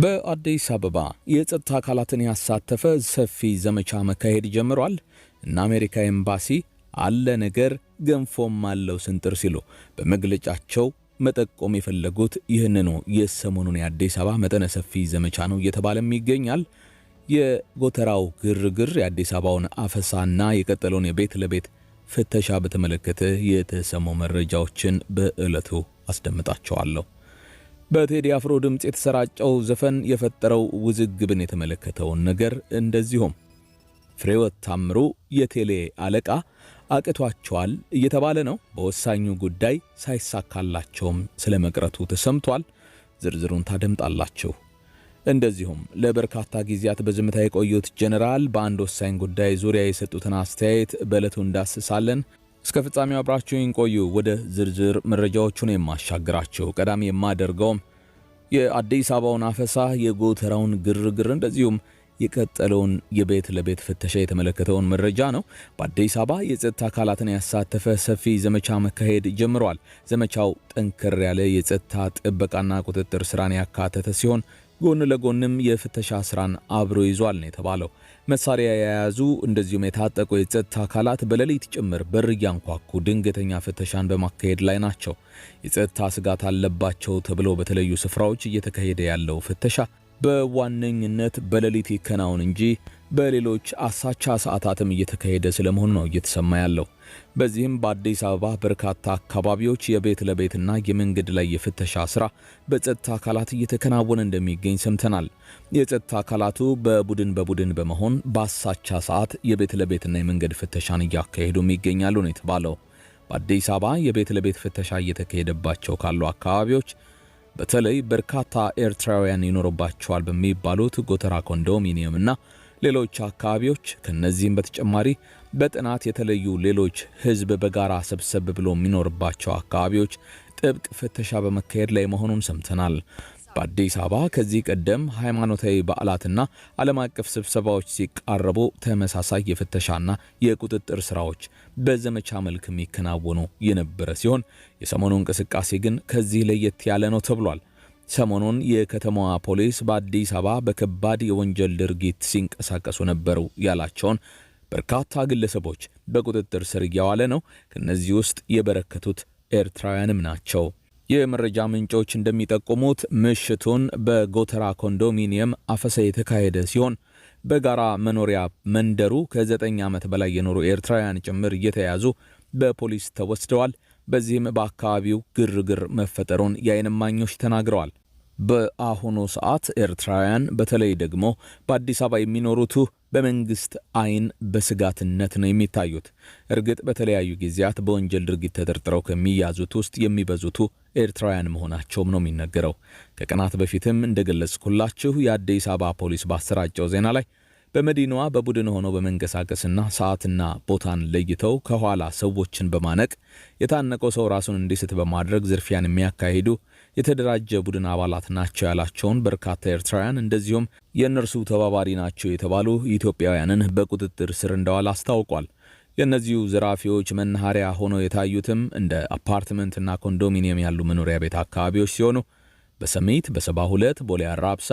በአዲስ አበባ የጸጥታ አካላትን ያሳተፈ ሰፊ ዘመቻ መካሄድ ጀምሯል። እነ አሜሪካ ኤምባሲ አለ ነገር ገንፎም አለው ስንጥር ሲሉ በመግለጫቸው መጠቆም የፈለጉት ይህንኑ የሰሞኑን የአዲስ አበባ መጠነ ሰፊ ዘመቻ ነው እየተባለም ይገኛል። የጎተራው ግርግር የአዲስ አበባውን አፈሳና የቀጠለውን የቤት ለቤት ፍተሻ በተመለከተ የተሰሙ መረጃዎችን በዕለቱ አስደምጣቸዋለሁ። በቴዲ አፍሮ ድምፅ የተሰራጨው ዘፈን የፈጠረው ውዝግብን የተመለከተውን ነገር እንደዚሁም ፍሬወት ታምሩ የቴሌ አለቃ አቅቷቸዋል እየተባለ ነው። በወሳኙ ጉዳይ ሳይሳካላቸውም ስለ መቅረቱ ተሰምቷል። ዝርዝሩን ታደምጣላችሁ። እንደዚሁም ለበርካታ ጊዜያት በዝምታ የቆዩት ጀኔራል በአንድ ወሳኝ ጉዳይ ዙሪያ የሰጡትን አስተያየት በዕለቱ እንዳስሳለን። እስከ ፍጻሜው አብራችሁን ቆዩ። ወደ ዝርዝር መረጃዎቹን የማሻግራቸው ቀዳሚ የማደርገውም የአዲስ አበባውን አፈሳ፣ የጎተራውን ግርግር እንደዚሁም የቀጠለውን የቤት ለቤት ፍተሻ የተመለከተውን መረጃ ነው። በአዲስ አበባ የጸጥታ አካላትን ያሳተፈ ሰፊ ዘመቻ መካሄድ ጀምሯል። ዘመቻው ጠንከር ያለ የጸጥታ ጥበቃና ቁጥጥር ስራን ያካተተ ሲሆን ጎን ለጎንም የፍተሻ ስራን አብሮ ይዟል ነው የተባለው። መሳሪያ የያዙ እንደዚሁም የታጠቁ የጸጥታ አካላት በሌሊት ጭምር በር እያንኳኩ ድንገተኛ ፍተሻን በማካሄድ ላይ ናቸው። የጸጥታ ስጋት አለባቸው ተብለው በተለዩ ስፍራዎች እየተካሄደ ያለው ፍተሻ በዋነኝነት በሌሊት ይከናውን እንጂ በሌሎች አሳቻ ሰዓታትም እየተካሄደ ስለመሆኑ ነው እየተሰማ ያለው። በዚህም በአዲስ አበባ በርካታ አካባቢዎች የቤት ለቤትና የመንገድ ላይ የፍተሻ ስራ በጸጥታ አካላት እየተከናወነ እንደሚገኝ ሰምተናል። የጸጥታ አካላቱ በቡድን በቡድን በመሆን በአሳቻ ሰዓት የቤት ለቤትና የመንገድ ፍተሻን እያካሄዱም ይገኛሉ ነው የተባለው። በአዲስ አበባ የቤት ለቤት ፍተሻ እየተካሄደባቸው ካሉ አካባቢዎች በተለይ በርካታ ኤርትራውያን ይኖርባቸዋል በሚባሉት ጎተራ ኮንዶሚኒየምና ሌሎች አካባቢዎች ከነዚህም በተጨማሪ በጥናት የተለዩ ሌሎች ህዝብ በጋራ ሰብሰብ ብሎ የሚኖርባቸው አካባቢዎች ጥብቅ ፍተሻ በመካሄድ ላይ መሆኑን ሰምተናል። በአዲስ አበባ ከዚህ ቀደም ሃይማኖታዊ በዓላትና ዓለም አቀፍ ስብሰባዎች ሲቃረቡ ተመሳሳይ የፍተሻና የቁጥጥር ስራዎች በዘመቻ መልክ የሚከናወኑ የነበረ ሲሆን የሰሞኑ እንቅስቃሴ ግን ከዚህ ለየት ያለ ነው ተብሏል። ሰሞኑን የከተማዋ ፖሊስ በአዲስ አበባ በከባድ የወንጀል ድርጊት ሲንቀሳቀሱ ነበሩ ያላቸውን በርካታ ግለሰቦች በቁጥጥር ስር እያዋለ ነው። ከእነዚህ ውስጥ የበረከቱት ኤርትራውያንም ናቸው። የመረጃ ምንጮች እንደሚጠቁሙት ምሽቱን በጎተራ ኮንዶሚኒየም አፈሳ የተካሄደ ሲሆን በጋራ መኖሪያ መንደሩ ከዘጠኝ ዓመት በላይ የኖሩ ኤርትራውያን ጭምር እየተያዙ በፖሊስ ተወስደዋል። በዚህም በአካባቢው ግርግር መፈጠሩን የዓይን እማኞች ተናግረዋል። በአሁኑ ሰዓት ኤርትራውያን በተለይ ደግሞ በአዲስ አበባ የሚኖሩቱ በመንግስት አይን በስጋትነት ነው የሚታዩት። እርግጥ በተለያዩ ጊዜያት በወንጀል ድርጊት ተጠርጥረው ከሚያዙት ውስጥ የሚበዙቱ ኤርትራውያን መሆናቸውም ነው የሚነገረው። ከቀናት በፊትም እንደገለጽኩላችሁ የአዲስ አበባ ፖሊስ ባሰራጨው ዜና ላይ በመዲናዋ በቡድን ሆነው በመንቀሳቀስና ሰዓትና ቦታን ለይተው ከኋላ ሰዎችን በማነቅ የታነቀው ሰው ራሱን እንዲስት በማድረግ ዝርፊያን የሚያካሂዱ የተደራጀ ቡድን አባላት ናቸው ያላቸውን በርካታ ኤርትራውያን እንደዚሁም የእነርሱ ተባባሪ ናቸው የተባሉ ኢትዮጵያውያንን በቁጥጥር ስር እንደዋል አስታውቋል። የእነዚሁ ዘራፊዎች መናኸሪያ ሆነው የታዩትም እንደ አፓርትመንትና ኮንዶሚኒየም ያሉ መኖሪያ ቤት አካባቢዎች ሲሆኑ በሰሜት በሰባ ሁለት ቦሌ አራብሳ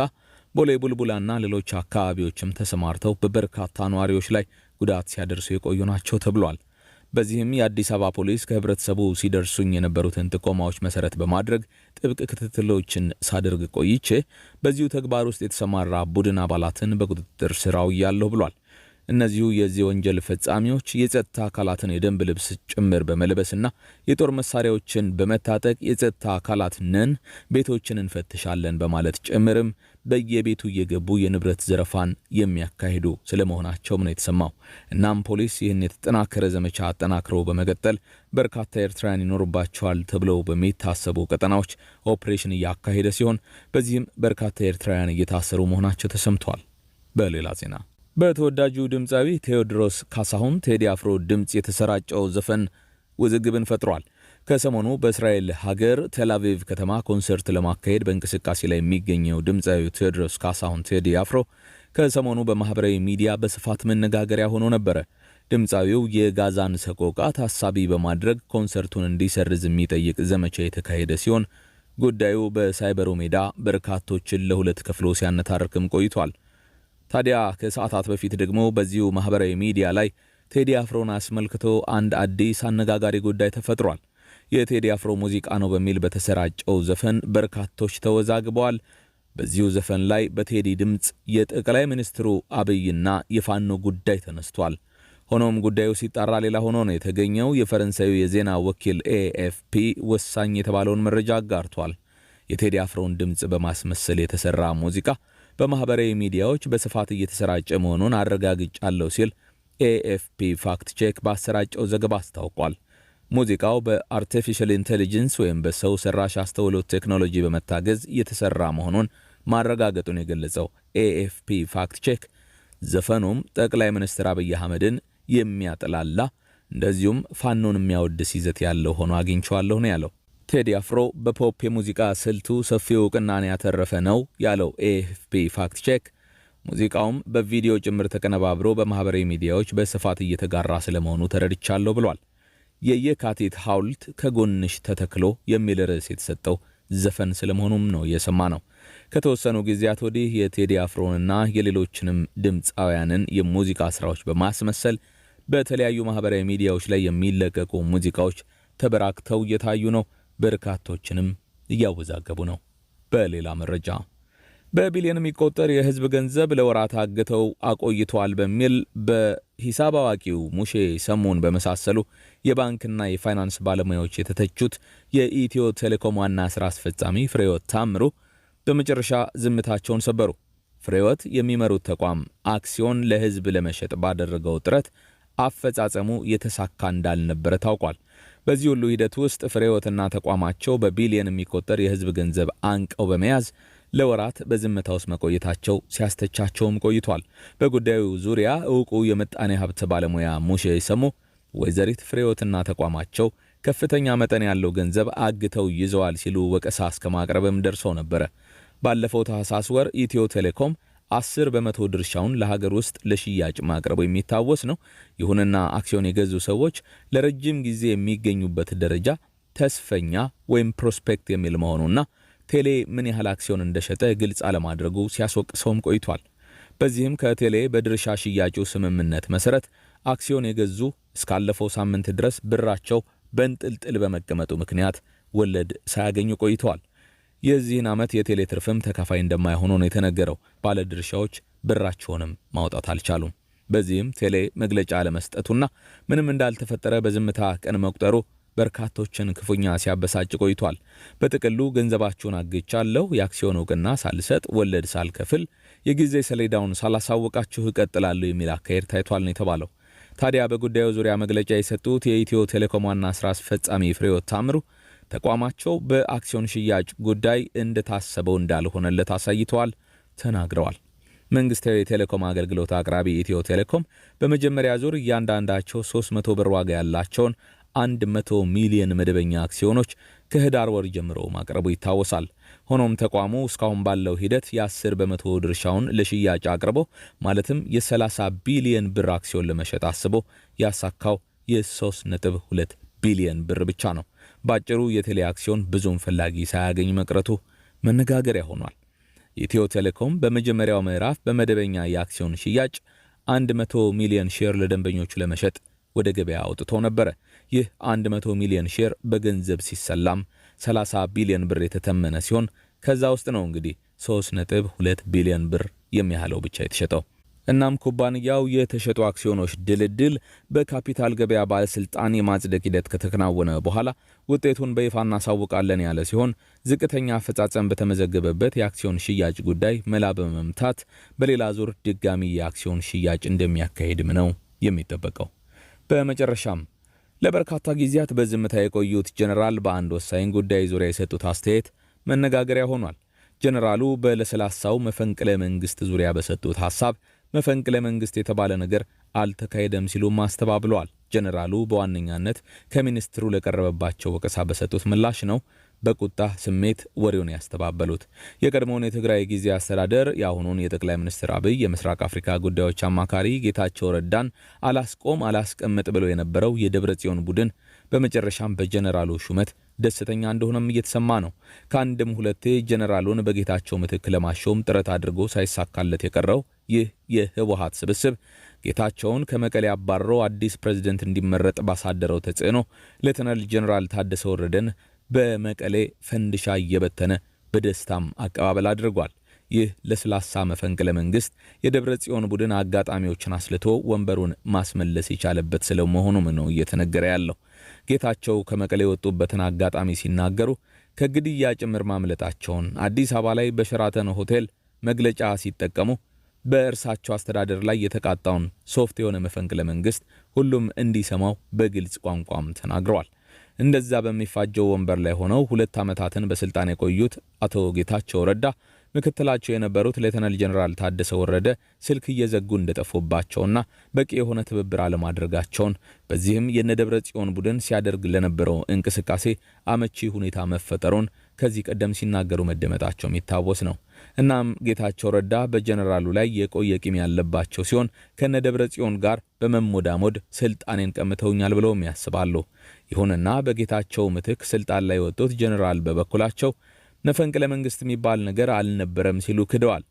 ቦሌ ቡልቡላና ሌሎች አካባቢዎችም ተሰማርተው በበርካታ ነዋሪዎች ላይ ጉዳት ሲያደርሱ የቆዩ ናቸው ተብሏል። በዚህም የአዲስ አበባ ፖሊስ ከህብረተሰቡ ሲደርሱኝ የነበሩትን ጥቆማዎች መሰረት በማድረግ ጥብቅ ክትትሎችን ሳደርግ ቆይቼ በዚሁ ተግባር ውስጥ የተሰማራ ቡድን አባላትን በቁጥጥር ስር አውያለሁ ብሏል። እነዚሁ የዚህ ወንጀል ፈጻሚዎች የጸጥታ አካላትን የደንብ ልብስ ጭምር በመልበስና የጦር መሳሪያዎችን በመታጠቅ የጸጥታ አካላት ነን፣ ቤቶችን እንፈትሻለን በማለት ጭምርም በየቤቱ እየገቡ የንብረት ዘረፋን የሚያካሂዱ ስለመሆናቸውም ነው የተሰማው። እናም ፖሊስ ይህን የተጠናከረ ዘመቻ አጠናክረው በመቀጠል በርካታ ኤርትራውያን ይኖሩባቸዋል ተብለው በሚታሰቡ ቀጠናዎች ኦፕሬሽን እያካሄደ ሲሆን በዚህም በርካታ ኤርትራውያን እየታሰሩ መሆናቸው ተሰምቷል። በሌላ ዜና በተወዳጁ ድምፃዊ ቴዎድሮስ ካሳሁን ቴዲ አፍሮ ድምፅ የተሰራጨው ዘፈን ውዝግብን ፈጥሯል። ከሰሞኑ በእስራኤል ሀገር ቴላቪቭ ከተማ ኮንሰርት ለማካሄድ በእንቅስቃሴ ላይ የሚገኘው ድምፃዊ ቴዎድሮስ ካሳሁን ቴዲ አፍሮ ከሰሞኑ በማኅበራዊ ሚዲያ በስፋት መነጋገሪያ ሆኖ ነበረ። ድምፃዊው የጋዛን ሰቆቃ ታሳቢ በማድረግ ኮንሰርቱን እንዲሰርዝ የሚጠይቅ ዘመቻ የተካሄደ ሲሆን ጉዳዩ በሳይበሩ ሜዳ በርካቶችን ለሁለት ከፍሎ ሲያነታርክም ቆይቷል። ታዲያ ከሰዓታት በፊት ደግሞ በዚሁ ማህበራዊ ሚዲያ ላይ ቴዲ አፍሮን አስመልክቶ አንድ አዲስ አነጋጋሪ ጉዳይ ተፈጥሯል። የቴዲ አፍሮ ሙዚቃ ነው በሚል በተሰራጨው ዘፈን በርካቶች ተወዛግበዋል። በዚሁ ዘፈን ላይ በቴዲ ድምፅ የጠቅላይ ሚኒስትሩ አብይና የፋኖ ጉዳይ ተነስቷል። ሆኖም ጉዳዩ ሲጣራ ሌላ ሆኖ ነው የተገኘው። የፈረንሳዩ የዜና ወኪል ኤኤፍፒ ወሳኝ የተባለውን መረጃ አጋርቷል። የቴዲ አፍሮን ድምፅ በማስመሰል የተሰራ ሙዚቃ በማኅበራዊ ሚዲያዎች በስፋት እየተሰራጨ መሆኑን አረጋግጫለሁ ሲል ኤኤፍፒ ፋክት ቼክ ባሰራጨው ዘገባ አስታውቋል። ሙዚቃው በአርቲፊሻል ኢንቴሊጀንስ ወይም በሰው ሰራሽ አስተውሎት ቴክኖሎጂ በመታገዝ እየተሰራ መሆኑን ማረጋገጡን የገለጸው ኤኤፍፒ ፋክት ቼክ ዘፈኑም ጠቅላይ ሚኒስትር አብይ አህመድን የሚያጥላላ እንደዚሁም ፋኖን የሚያወድስ ይዘት ያለው ሆኖ አግኝቸዋለሁ ነው ያለው። ቴዲ አፍሮ በፖፕ የሙዚቃ ስልቱ ሰፊ እውቅናን ያተረፈ ነው ያለው ኤኤፍፒ ፋክት ቼክ፣ ሙዚቃውም በቪዲዮ ጭምር ተቀነባብሮ በማኅበራዊ ሚዲያዎች በስፋት እየተጋራ ስለመሆኑ ተረድቻለሁ ብሏል። የየካቲት ሐውልት ከጎንሽ ተተክሎ የሚል ርዕስ የተሰጠው ዘፈን ስለመሆኑም ነው እየሰማ ነው። ከተወሰኑ ጊዜያት ወዲህ የቴዲ አፍሮንና የሌሎችንም ድምፃውያንን የሙዚቃ ስራዎች በማስመሰል በተለያዩ ማኅበራዊ ሚዲያዎች ላይ የሚለቀቁ ሙዚቃዎች ተበራክተው እየታዩ ነው። በርካቶችንም እያወዛገቡ ነው። በሌላ መረጃ በቢሊዮን የሚቆጠር የህዝብ ገንዘብ ለወራት አግተው አቆይተዋል በሚል በሂሳብ አዋቂው ሙሼ ሰሙን በመሳሰሉ የባንክና የፋይናንስ ባለሙያዎች የተተቹት የኢትዮ ቴሌኮም ዋና ሥራ አስፈጻሚ ፍሬወት ታምሩ በመጨረሻ ዝምታቸውን ሰበሩ። ፍሬወት የሚመሩት ተቋም አክሲዮን ለህዝብ ለመሸጥ ባደረገው ጥረት አፈጻጸሙ የተሳካ እንዳልነበረ ታውቋል። በዚህ ሁሉ ሂደት ውስጥ ፍሬሕይወትና ተቋማቸው በቢሊየን የሚቆጠር የህዝብ ገንዘብ አንቀው በመያዝ ለወራት በዝምታ ውስጥ መቆየታቸው ሲያስተቻቸውም ቆይቷል። በጉዳዩ ዙሪያ እውቁ የምጣኔ ሀብት ባለሙያ ሙሼ ሰሙ ወይዘሪት ፍሬሕይወትና ተቋማቸው ከፍተኛ መጠን ያለው ገንዘብ አግተው ይዘዋል ሲሉ ወቀሳ እስከ ማቅረብም ደርሰው ነበረ። ባለፈው ታህሳስ ወር ኢትዮ ቴሌኮም አስር በመቶ ድርሻውን ለሀገር ውስጥ ለሽያጭ ማቅረቡ የሚታወስ ነው። ይሁንና አክሲዮን የገዙ ሰዎች ለረጅም ጊዜ የሚገኙበት ደረጃ ተስፈኛ ወይም ፕሮስፔክት የሚል መሆኑና ቴሌ ምን ያህል አክሲዮን እንደሸጠ ግልጽ አለማድረጉ ሲያስወቅሰውም ቆይቷል። በዚህም ከቴሌ በድርሻ ሽያጩ ስምምነት መሰረት አክሲዮን የገዙ እስካለፈው ሳምንት ድረስ ብራቸው በንጥልጥል በመቀመጡ ምክንያት ወለድ ሳያገኙ ቆይተዋል። የዚህን ዓመት የቴሌ ትርፍም ተካፋይ እንደማይሆኑ ነው የተነገረው። ባለድርሻዎች ብራቸውንም ማውጣት አልቻሉም። በዚህም ቴሌ መግለጫ አለመስጠቱና ምንም እንዳልተፈጠረ በዝምታ ቀን መቁጠሩ በርካቶችን ክፉኛ ሲያበሳጭ ቆይቷል። በጥቅሉ ገንዘባችሁን አግቻለሁ፣ የአክሲዮን እውቅና ሳልሰጥ፣ ወለድ ሳልከፍል፣ የጊዜ ሰሌዳውን ሳላሳወቃችሁ እቀጥላለሁ የሚል አካሄድ ታይቷል ነው የተባለው። ታዲያ በጉዳዩ ዙሪያ መግለጫ የሰጡት የኢትዮ ቴሌኮም ዋና ስራ አስፈጻሚ ፍሬዎት ታምሩ ተቋማቸው በአክሲዮን ሽያጭ ጉዳይ እንደታሰበው እንዳልሆነለት አሳይተዋል ተናግረዋል። መንግስታዊ የቴሌኮም አገልግሎት አቅራቢ ኢትዮ ቴሌኮም በመጀመሪያ ዙር እያንዳንዳቸው 300 ብር ዋጋ ያላቸውን 100 ሚሊዮን መደበኛ አክሲዮኖች ከህዳር ወር ጀምሮ ማቅረቡ ይታወሳል። ሆኖም ተቋሙ እስካሁን ባለው ሂደት የ10 በመቶ ድርሻውን ለሽያጭ አቅርቦ ማለትም የ30 ቢሊዮን ብር አክሲዮን ለመሸጥ አስቦ ያሳካው የ3.2 ቢሊዮን ብር ብቻ ነው። ባጭሩ የቴሌ አክሲዮን ብዙም ፈላጊ ሳያገኝ መቅረቱ መነጋገሪያ ሆኗል። ኢትዮ ቴሌኮም በመጀመሪያው ምዕራፍ በመደበኛ የአክሲዮን ሽያጭ 100 ሚሊዮን ሼር ለደንበኞቹ ለመሸጥ ወደ ገበያ አውጥቶ ነበረ። ይህ 100 ሚሊዮን ሼር በገንዘብ ሲሰላም 30 ቢሊዮን ብር የተተመነ ሲሆን ከዛ ውስጥ ነው እንግዲህ 3.2 ቢሊዮን ብር የሚያህለው ብቻ የተሸጠው። እናም ኩባንያው የተሸጡ አክሲዮኖች ድልድል በካፒታል ገበያ ባለሥልጣን የማጽደቅ ሂደት ከተከናወነ በኋላ ውጤቱን በይፋ እናሳውቃለን ያለ ሲሆን ዝቅተኛ አፈጻጸም በተመዘገበበት የአክሲዮን ሽያጭ ጉዳይ መላ በመምታት በሌላ ዙር ድጋሚ የአክሲዮን ሽያጭ እንደሚያካሄድም ነው የሚጠበቀው። በመጨረሻም ለበርካታ ጊዜያት በዝምታ የቆዩት ጀነራል በአንድ ወሳኝ ጉዳይ ዙሪያ የሰጡት አስተያየት መነጋገሪያ ሆኗል። ጀነራሉ በለስላሳው መፈንቅለ መንግስት ዙሪያ በሰጡት ሐሳብ መፈንቅለ መንግስት የተባለ ነገር አልተካሄደም ሲሉም አስተባብለዋል። ጀነራሉ በዋነኛነት ከሚኒስትሩ ለቀረበባቸው ወቀሳ በሰጡት ምላሽ ነው በቁጣ ስሜት ወሬውን ያስተባበሉት። የቀድሞውን የትግራይ ጊዜ አስተዳደር የአሁኑን የጠቅላይ ሚኒስትር አብይ የምስራቅ አፍሪካ ጉዳዮች አማካሪ ጌታቸው ረዳን አላስቆም አላስቀምጥ ብለው የነበረው የደብረ ጽዮን ቡድን በመጨረሻም በጀነራሉ ሹመት ደስተኛ እንደሆነም እየተሰማ ነው። ከአንድም ሁለቴ ጀነራሉን በጌታቸው ምትክ ለማሾም ጥረት አድርጎ ሳይሳካለት የቀረው ይህ የህወሀት ስብስብ ጌታቸውን ከመቀሌ አባርሮ አዲስ ፕሬዝደንት እንዲመረጥ ባሳደረው ተጽዕኖ ሌተናል ጄኔራል ታደሰ ወረደን በመቀሌ ፈንድሻ እየበተነ በደስታም አቀባበል አድርጓል። ይህ ለስላሳ መፈንቅለ መንግስት የደብረ ጽዮን ቡድን አጋጣሚዎችን አስልቶ ወንበሩን ማስመለስ የቻለበት ስለመሆኑም ነው እየተነገረ ያለው። ጌታቸው ከመቀሌ የወጡበትን አጋጣሚ ሲናገሩ ከግድያ ጭምር ማምለጣቸውን፣ አዲስ አበባ ላይ በሸራተን ሆቴል መግለጫ ሲጠቀሙ በእርሳቸው አስተዳደር ላይ የተቃጣውን ሶፍት የሆነ መፈንቅለ መንግስት ሁሉም እንዲሰማው በግልጽ ቋንቋም ተናግረዋል። እንደዛ በሚፋጀው ወንበር ላይ ሆነው ሁለት ዓመታትን በስልጣን የቆዩት አቶ ጌታቸው ረዳ ምክትላቸው የነበሩት ሌተናል ጀኔራል ታደሰ ወረደ ስልክ እየዘጉ እንደጠፉባቸውና በቂ የሆነ ትብብር አለማድረጋቸውን በዚህም ደብረ ጽዮን ቡድን ሲያደርግ ለነበረው እንቅስቃሴ አመቺ ሁኔታ መፈጠሩን ከዚህ ቀደም ሲናገሩ መደመጣቸውም ይታወስ ነው። እናም ጌታቸው ረዳ በጀነራሉ ላይ የቆየ ቂም ያለባቸው ሲሆን ከነደብረ ጽዮን ጋር በመሞዳሞድ ስልጣኔን ቀምተውኛል ብለውም ያስባሉ። ይሁንና በጌታቸው ምትክ ስልጣን ላይ የወጡት ጀነራል በበኩላቸው መፈንቅለ መንግስት የሚባል ነገር አልነበረም ሲሉ ክደዋል።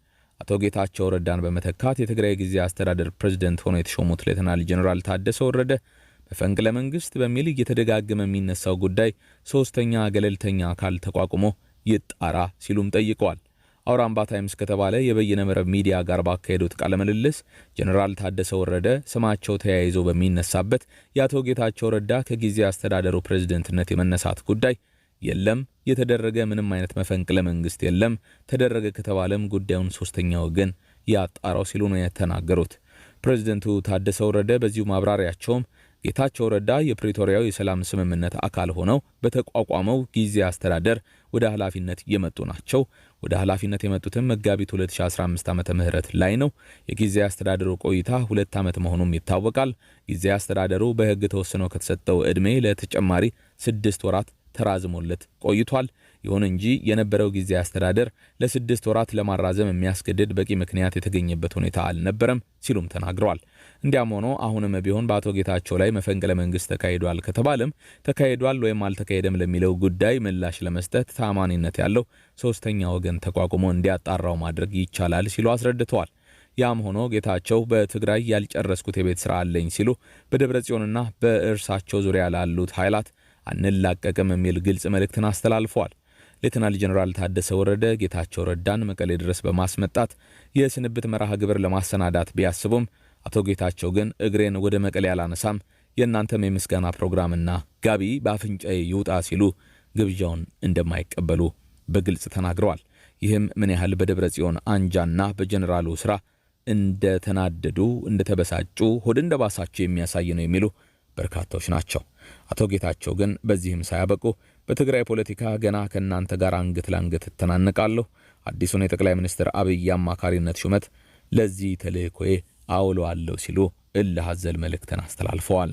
አቶ ጌታቸው ረዳን በመተካት የትግራይ ጊዜ አስተዳደር ፕሬዝደንት ሆኖ የተሾሙት ሌተናል ጀነራል ታደሰ ወረደ መፈንቅለ መንግስት በሚል እየተደጋገመ የሚነሳው ጉዳይ ሶስተኛ ገለልተኛ አካል ተቋቁሞ ይጣራ ሲሉም ጠይቀዋል። አውራምባ ታይምስ ከተባለ የበይነ መረብ ሚዲያ ጋር ባካሄዱት ቃለምልልስ ጀኔራል ታደሰ ወረደ ስማቸው ተያይዞ በሚነሳበት የአቶ ጌታቸው ረዳ ከጊዜ አስተዳደሩ ፕሬዝደንትነት የመነሳት ጉዳይ የለም፣ የተደረገ ምንም አይነት መፈንቅለ መንግስት የለም፣ ተደረገ ከተባለም ጉዳዩን ሶስተኛ ወገን ያጣራው ሲሉ ነው የተናገሩት። ፕሬዝደንቱ ታደሰ ወረደ በዚሁ ማብራሪያቸውም ጌታቸው ረዳ የፕሪቶሪያው የሰላም ስምምነት አካል ሆነው በተቋቋመው ጊዜ አስተዳደር ወደ ኃላፊነት እየመጡ ናቸው። ወደ ኃላፊነት የመጡትም መጋቢት 2015 ዓመተ ምህረት ላይ ነው። የጊዜያዊ አስተዳደሩ ቆይታ ሁለት ዓመት መሆኑም ይታወቃል። ጊዜያዊ አስተዳደሩ በሕግ ተወስኖ ከተሰጠው ዕድሜ ለተጨማሪ ስድስት ወራት ተራዝሞለት ቆይቷል። ይሁን እንጂ የነበረው ጊዜ አስተዳደር ለስድስት ወራት ለማራዘም የሚያስገድድ በቂ ምክንያት የተገኘበት ሁኔታ አልነበረም ሲሉም ተናግረዋል። እንዲያም ሆኖ አሁንም ቢሆን በአቶ ጌታቸው ላይ መፈንቅለ መንግስት ተካሂዷል ከተባለም ተካሂዷል ወይም አልተካሄደም ለሚለው ጉዳይ ምላሽ ለመስጠት ታማኒነት ያለው ሶስተኛ ወገን ተቋቁሞ እንዲያጣራው ማድረግ ይቻላል ሲሉ አስረድተዋል። ያም ሆኖ ጌታቸው በትግራይ ያልጨረስኩት የቤት ስራ አለኝ ሲሉ በደብረ ጽዮንና በእርሳቸው ዙሪያ ላሉት ኃይላት አንላቀቅም የሚል ግልጽ መልእክትን አስተላልፈዋል። ሌተናል ጀኔራል ታደሰ ወረደ ጌታቸው ረዳን መቀሌ ድረስ በማስመጣት የስንብት መርሃ ግብር ለማሰናዳት ቢያስቡም አቶ ጌታቸው ግን እግሬን ወደ መቀሌ አላነሳም፣ የእናንተም የምስጋና ፕሮግራምና ጋቢ በአፍንጫዬ ይውጣ ሲሉ ግብዣውን እንደማይቀበሉ በግልጽ ተናግረዋል። ይህም ምን ያህል በደብረ ጽዮን አንጃና በጀኔራሉ ስራ እንደተናደዱ፣ እንደተበሳጩ፣ ሆድ እንደባሳቸው የሚያሳይ ነው የሚሉ በርካታዎች ናቸው። አቶ ጌታቸው ግን በዚህም ሳያበቁ በትግራይ ፖለቲካ ገና ከእናንተ ጋር አንገት ለአንገት እተናነቃለሁ፣ አዲሱን የጠቅላይ ሚኒስትር አብይ አማካሪነት ሹመት ለዚህ ተልእኮዬ አውለዋለሁ ሲሉ እልህ አዘል መልእክትን አስተላልፈዋል።